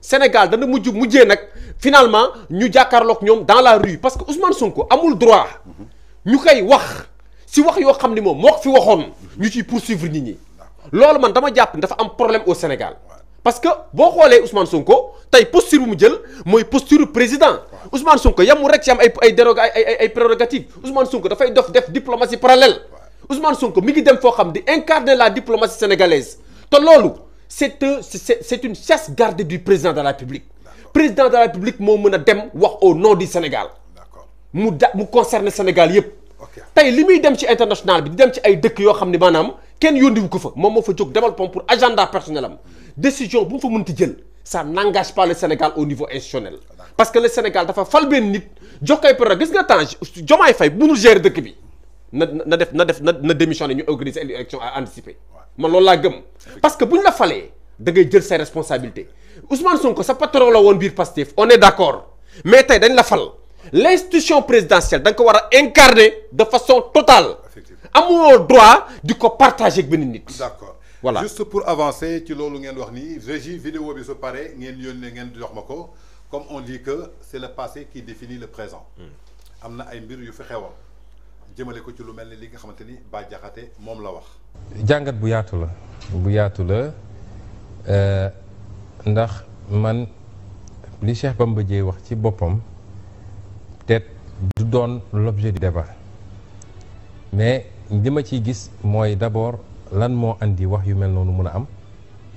Sénégal dans le mujjé nak finalement ñu jàkkaarloog ñom dans la rue parce que Ousmane Sonko amul droit ñu wah wax si wax yo xamni ni moom fi waxone ñu ci poursuivre nit ñi lolu man dama problème au Sénégal parce que bo xolé Ousmane Sonko tay posture bu mu jël moy posture président Ousmane Sonko yamul rek ci am ay ay déroga ay ay prérogatives Ousmane Sonko Fay dof def diplomatie parallèle Ousmane Sonko mi ngi dem fo xam di incarner la diplomatie sénégalaise te lolu c'est une chasse gardée du président de la République. président de la République moo mën dem au nom du Sénégal. mu concerne mu concerner Sénégal yëpp. tey li muy dem ci international bi di dem ci ay dëkk yo xamni manam maanaam yondi wu ko fa mom moo fa demal pom pour agenda personnel décision bu mu fa mënti jël ça n'engage pas le Sénégal au niveau institutionnel. parce que le Sénégal dafa fal ben nit jox kay pour gis nga temps Diomaye fay bu mu gérer dëkk bi na na def na def na na démissionné ñu organiser élection à anticiper man loolu la gëm parce que si la falé da ngay jël ses responsabilité Ousmane Sonko sa patron la won bir pastif. on est d'accord mais tay dañ la fal l'institution présidentielle da ko incarner de façon totale amoo droit du partager ak nit d'accord voilà juste pour avancer ci loolu ngeen wax ni régie vidéo bi su paré ngeen yonne ngeen jox mako comme on dit que c'est le passé qui définit le présent hmm. amna ay mbir yu fi xewoon jëmele ko ci lu melni li nga xamanteni ba jaxate mom la wax. jangat bu yaatu la bu yaatu la euh ndax man li Cheikh Bamba djey wax ci bopam tet du don l'objet du débat mais li ci gis moy d'abord lan mo andi wax yu mel nonu mëna am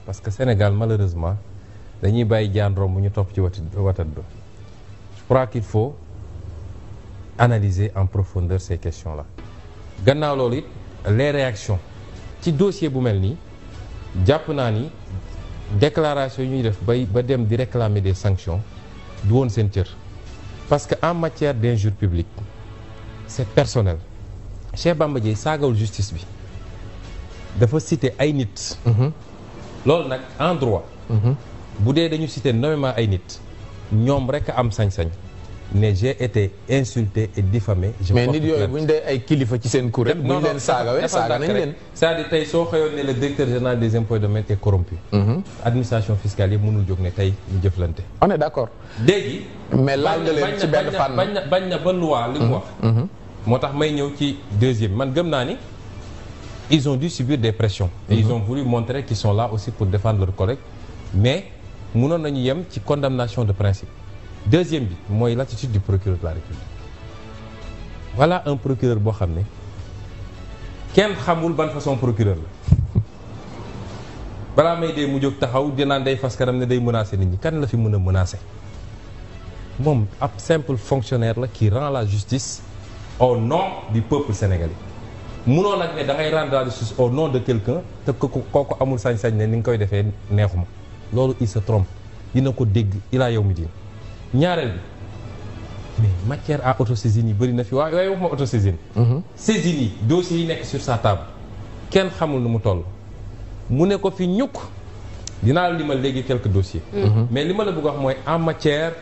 parce que Sénégal malheureusement dañuy baye jandro mu ñu top ci watat do je crois qu'il faut. analyser en profondeur ces questions-là. gannaaw les réactions ci dossier bu melni déclaration ñuy def ba réclamer des sanctions du won sentir? parce qu'en matière d'injure publique c'est personnel Cheikh Bamba Dièye la justice bi dafa citer ay nit mhm. loolu nak en droit Si mhm. nous dañu citer nommément ay nit ñom rek mais j'ai été insulté et diffamé. je mais nous yooyu bu ñu dee ay kilifa ci Non, kuréel. bu ñu Ça saagawee nañ cest à le directeur général des impôts de domaines est corrompu. administration fiscale nous mënul jóg ne ñu on est d'accord. léegi. mais laal nga leen ci benn fànn bañ na ba loi li deuxième man gëm ils ont dû subir des pressions. et ils ont voulu montrer qu'ils sont là aussi pour défendre leurs collègues mais mënoon nañu yem ci condamnation de principe deuxième bi mooy l'attitude du procureur de la République voilà un procureur boo xam ne kenn xamul ban façon procureur la balaa may dee mu jóg taxaw dinaan day fas kanam ne day menacer nit ñi kan la fi mën menacer moom ab simple fonctionnaire la qui rend la justice au nom du peuple sénégalais munoo nag ne da ngay rendre la justice au nom de quelqu'un te kooku amul sañ-sañ ne ni nga koy defee neexuma loolu il se trompe dina ko dégg ilaa yow mi diin ñaareel bi mais matière à autosaisine yi bëri na fi waaye waaye waxuma autosaisine. Mhm. saisine yi dossiers yi nekk sur sa table kenn xamul nu mu toll. mu ne ko fi ñukk dinaa la limal léegi quelques dossiers. Mhm. Mhm. mais li ma la bëgg wax mooy en matière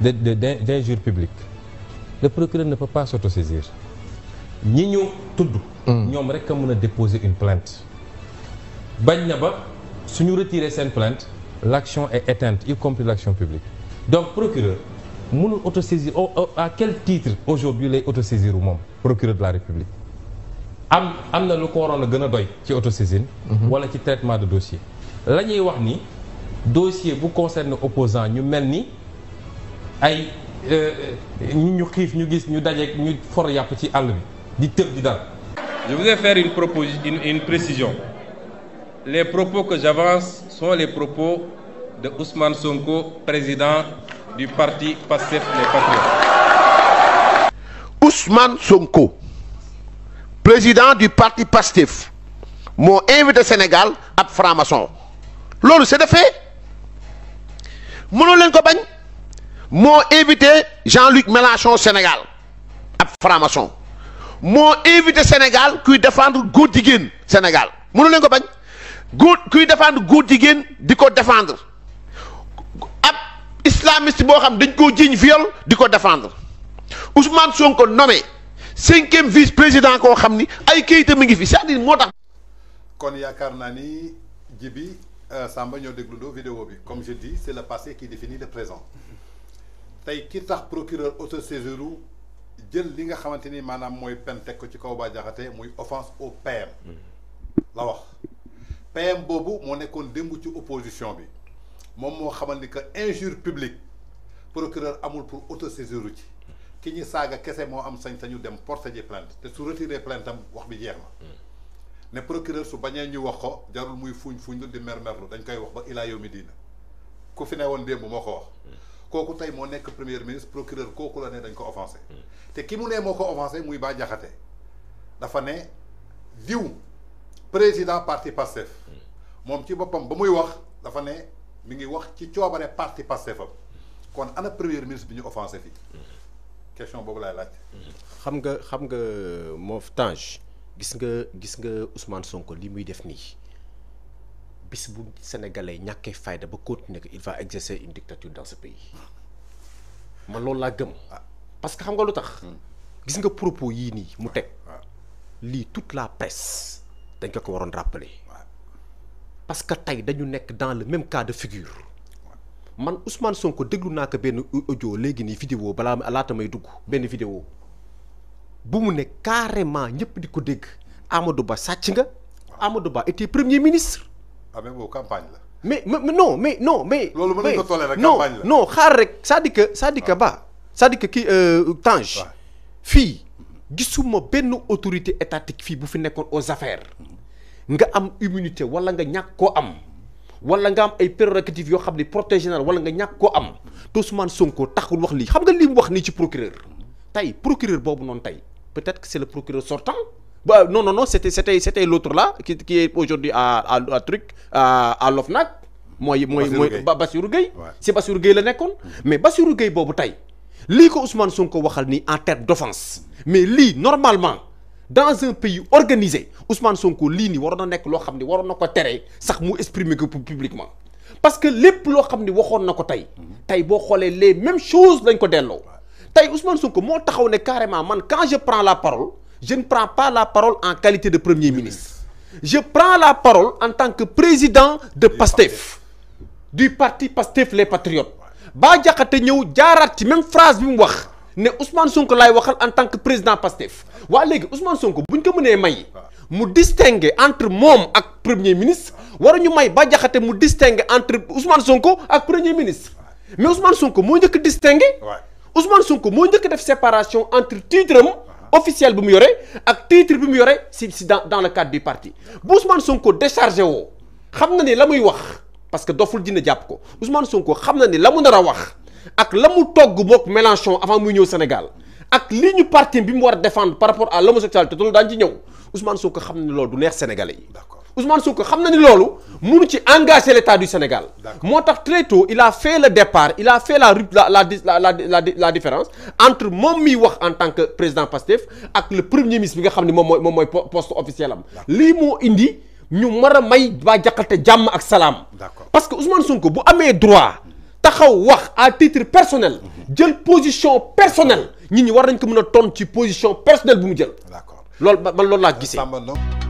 de de d' injure publique le procureur ne peut pas s' autosaisir ñi ñu tudd. ñoom rek a mën a déposer une plainte. bañ na ba suñu retirer seen plainte l' action est éteinte y compris l' action publique donc procureur autosaisir à quel titre aujourd'hui les saisir autosaisir même procureur de la république am am a lu ko waroon qui gën doy ci autosaisine mhm. wala ci traitement de dossier L'année ñuy wax ni dossier bu concerne opposant ñu mel ay euh, ñu ñu ñu gis je voudrais faire une proposition une, une précision les propos que j'avance sont les propos de Ousmane Sonko, président du parti Pastif Les Patriotes. Ousmane Sonko, président du parti Pastif, m'a invité au Sénégal à franc-maçon L'autre c'est de fait Mon leen ko invité Jean-Luc Mélenchon au Sénégal à franc-maçon M'a invité Sénégal qui défendre Goudigine Sénégal Mon leen ko qui défend défendre Goudigin, du défendre islamiste bohème xam dañ ko du viol diko défendre Ousmane Sonko nommé cinquième vice président ko xamni ay kayitam a ngi fi c'est-à-dire moo kon yaakaar naa ni Djibi euh, Samba ñoo do vidéo bi comme je dis c'est le passé qui définit le présent tay ki tax procureur auto-saisir jël li nga xamanteni manam moy mooy pen ko ci kaw Bah Diakhaté offense au père. la wax PM boobu mon école démb ci opposition bi mom mo xamal ni que injure publique procureur amul pour autosaisir ci ki ñu saga kese mo am sañ-sañu dem porter ji plainte te su retirer plainte am wax bi jeex na ne procureur su bañee ñu wax ko jarul muy fuñ fuñ lu di mermerlu dañ koy wax ba ila yow medina ku fi ne woon démb wax koku tay mo nek premier ministre procureur koku la ne dañ ko offensé te ki mu ne moko offensé muy ba jaxaté dafa ne diw président parti Pastef mom ci bopam ba muy wax dafa ne mingi wax ci coobare parti Pastefam kon ana premier ministre bi ñu offensé fi question boobu lay laaj. xam nga xam nga moo Tange gis nga gis nga Ousmane Sonko li muy def nii bis bu sénégalais ñàkkee fayda ba continuer que il va exercer une dictature dans ce pays ma loolu laa gëm. Ah. parce que xam nga lu tax. Hmm. gis nga propos yii nii mu teg. Ah. lii toute la presse dañ ko ko waroon rappeler parce que tay dañu nek dans le même cas de figure man Ousmane Sonko déglu naka ben audio légui ni vidéo bala la tamay dugg ben vidéo bu mu ne carrément ñëpp diko dégg Amadou Ba sàcc nga Amadou Ba était premier ministre. ah mais campagne mais mais non mais non mais. non, mën campagne non xaar rek ça dit que ça dit dire que ah. Ba ça dit dire que kii euh, Tange. fii gisuma ben autorité étatique fi bu fi nekkoon aux affaires nga am immunité wala nga ñàkk am wala nga am ay prérogatives yo xamni ne wala nga ñàkk am Ousmane Sonko taxul wax li xam nga li wax ni ci procureur tay procureur bobu non tay peut-être que c'est le procureur sortant bah non non non c'était c'était c'était l'autre là qui qui est aujourd'hui à à à truc à à l'OFNAC moy moy moy Bassirou Gueye c'est Bassirou Gueye la nekkoon mais Bassirou Gueye bobu tay Li ko Ousmane Sonko waxal ni en terme d'offense mais li normalement dans un pays organisé Ousmane Sonko lii nii waroon na nekk loo xam ne waroon na sax mu exprimer ko publiquement parce que lépp loo xam ne waxoon na ko tey tey les mêmes choses lañ ko delloo tey Ousmane Sonko moo taxaw ne carrément man quand je prends la parole je ne prends pas la parole en qualité de premier ministre je prends la parole en tant que président de PASTEF du parti PASTEF les patriotes Bah Diakhaté ñëw jaaraat ci même phrase bi mu wax ne Ousmane Sonko lay waxal en tant que président Pastef Wa légui Ousmane Sonko buñ ko mëne may mu distinguer entre mom, ak premier ministre waruñu may ba jaxaté mu distinguer entre Ousmane Sonko ak premier ministre mais Ousmane Sonko mo ñëk distinguer Ousmane Sonko mo ñëk def séparation entre titre officiel bu mu yoré ak titre bu mu yoré dans le cadre du parti bu Ousmane Sonko déchargé woo xam na wax parce que doful dina le ko Ousmane Sonko xam na ni la wax ak lamu togg bok Mélenchon avant mu ñëw Sénégal ak li ñu parti bi mu war défendre par rapport à l'homosexualité tout loolu daañu ci ñëw Ousmane Sonko xam na du neex sénégalais yi. d'accord Ousmane Sonko xam na mënu ci engager l'état du Sénégal. motax très tôt il a fait le départ il a fait la la la la la la la différence entre mom mi wax en tant que président Pastef ak le premier ministre bi nga xamni mom moy poste officiel am. li mo indi ñu mara a may ba jaxalte jàmm ak Salam parce que Ousmane Sonko bu amé droit taxaw wax à titre personnel jël position personnelle nit ñi war nañ ko mën ton ci position personnelle bu mu jël. d'accord loolu man loolu laa gisee.